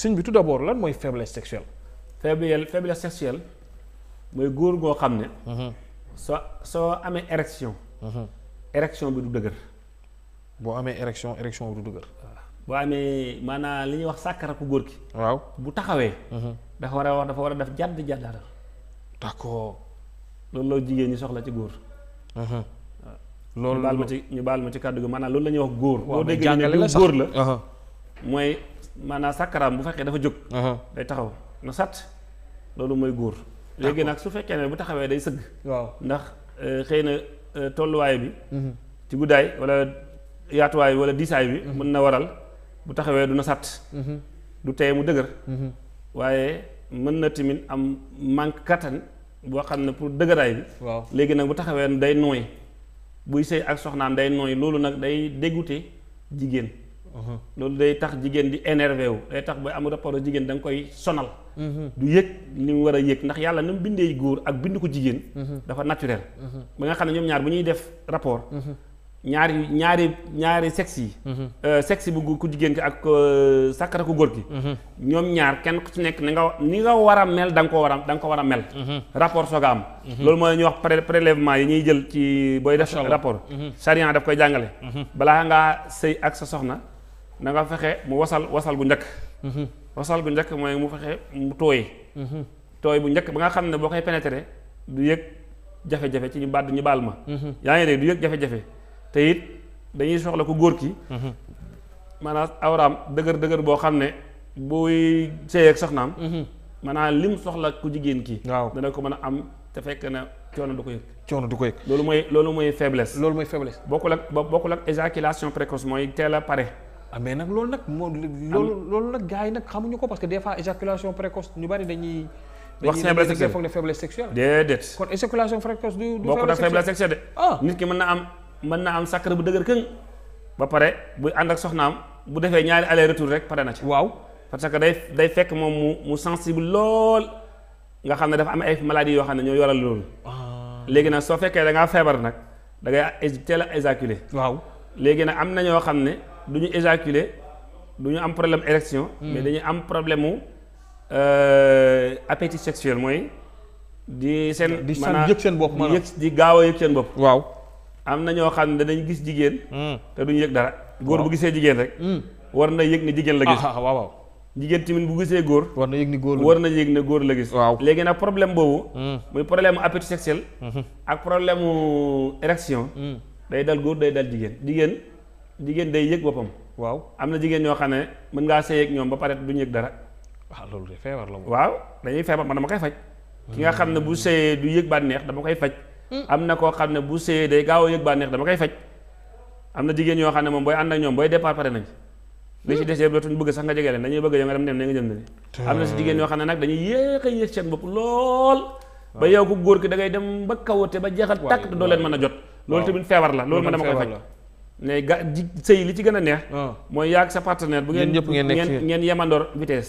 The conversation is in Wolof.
sëñ bi tout d'abord lan mooy faiblesse sexuelle. faible faiblesse sexuelle mooy góor goo xam ne. Mhm. soo soo amee érection. Mhm. érection bi du dëgër. boo amee érection érection bi du dëgër. boo amee maanaam li ñuy wax sàkkara ku góor ki. waaw bu taxawee. Mhm. dafa war a wax dafa war a def jàdd jàddaatal. d'accord. loolu la jigéen ñi soxla ci góor. loolu ñu baal ma ci ñu baal ma ci kàddu gi maanaam loolu la wax góor. boo déggee ne góor la mooy maanaam sàkkaraam bu fekkee dafa jóg day taxaw na sat loolu mooy góor léegi nag su fekkee ne bu taxawee day sëgg waaw ndax euh, xëy na euh, tolluwaay bi mhm. ci guddaay yaatuwaay bi wala diisaay bi mhm. mën na waral bu taxawee du na sàtt mhm. du teye mu dëgër waaye mën na tamit am manque kattan boo xam ne pour dëgëraay bi waaw léegi nag bu taxawee day nooy buy sëy ak soxnaam day nooy loolu nag day déggute jigéen Uh-huh. loolu day tax jigéen di énervé day tax booy am rapport ak jigéen da nga koy sonal. Mm-hmm. du yëg li war a yëg ndax yàlla na mu bindee góor ak bind ko jigéen. Mm-hmm. dafa naturel. Mm-hmm. ba nga xam ne ñoom ñaar bu ñuy def rapport. ñaari ñaari ñaari sexe yi. Euh, sexe bu ku jigéen ki ak euh, sàkkara ku góor ki. ñoom ñaar kenn ku ci nekk ni nga ni nga war a mel da nga koo war a da ko war a mel. rapport soog a am. loolu mooy ñuy wax prélèvement yi ñuy jël ci booy def. rapport charia daf koy jàngale. balaa ngaa sëy ak sa soxna. na nga fexe mu wasal wasal bu njëkk mhm. wasal gu njëkk mooy mu fexe mu tooy mhm. tooy bu njëkk ba nga xam ne boo koy pénétrer du yëg jafe-jafe ci ñu bàdd ñu baal ma mhm. yaa ngi dégg du yëg jafe-jafe te it dañuy soxla ku góor ki maanaam awraam dëgër dëgër boo xam ne buy sëy ak soxnaam maanaam lim soxla ku jigéen ki waaw dana ko mën a am te fekk na coono du ko yëg coono du ko yëg loolu mooy loolu mooy faiblesse loolu mooy faiblesse bokkul ak bokkul ak éjaculation précoce mooy teel a pare ah mais nag loolu nag moo loolu loolu nag gars yi nag xamuñu ko parce que des fois éjaculation précoce ñu bari dañuy. wax faiblesse sexuelle foog ne faiblesse sexuelle. déedéet kon éjaculation précoce du ah. nit ki mën na am mën na am sàkkara bu dëgër këng. ba pare bu ànd ak soxnaam bu defee ñaari aller retour rek pare na ci. waaw parce que day day fekk moom mu mu sensible lool nga xam ne dafa am ay maladies yoo xam ne ñoo yoral loolu. Ah. léegi nag soo fekkee da ngaa feebar nag dangay ngay teel a éjaculer. waaw léegi nag am na ñoo xam ne. du ñu éjaculer du ñu am problème érection hmm. mais dañuy am problème mu euh, appétit sexuel mooy di seen di san yëg seen bopp maanaam di gaaw a yëg seen bopp waaw am na ñoo xam ne danañ gis jigéen hmm. te duñu yëg dara góor bu gisee jigéen rek hmm. war na yëg ne jigéen la gis ah, ah, waaw waaw jigéen tamit bu gisee góor war na yëg ni góor war na yëg ne góor la gis léegi nag problème boobu muy problème appétit sexuel ak problème érection day dal góor day dal jigéen jigéen jigéen day yëg boppam. waaw am na jigéen ñoo xam ne mën ngaa sëy ak ñoom ba pare duñu yëg dara. waaw loolu de feebar la moom. waaw dañuy feebar man dama koy faj. ki nga xam ne bu sëyee du yëg bànneex dama koy faj. Mm. am na koo xam ne bu sëyee day gaaw a yëg bànneex dama koy faj. am na jigéen ñoo xam ne moom booy ànd ak ñoom booy départ pare nañ. li ci des yëpp dootuñ bëgg sax nga jege leen dañuy bëgg yow nga dem dem nga jëm ne. am na si jigéen ñoo xam ne nag dañuy yéex a yéex seen bopp lool. ba yow ko góor ki da ngay dem ba kawate ba jeexal tàkk doo leen mën a jot. loolu tamit feebar la loolu ma dama koy faj mais ga sëy li ci gën a neex. Ah. mooy yaag sa partenaire. bu ngeen ngeen yemandoor vitesse.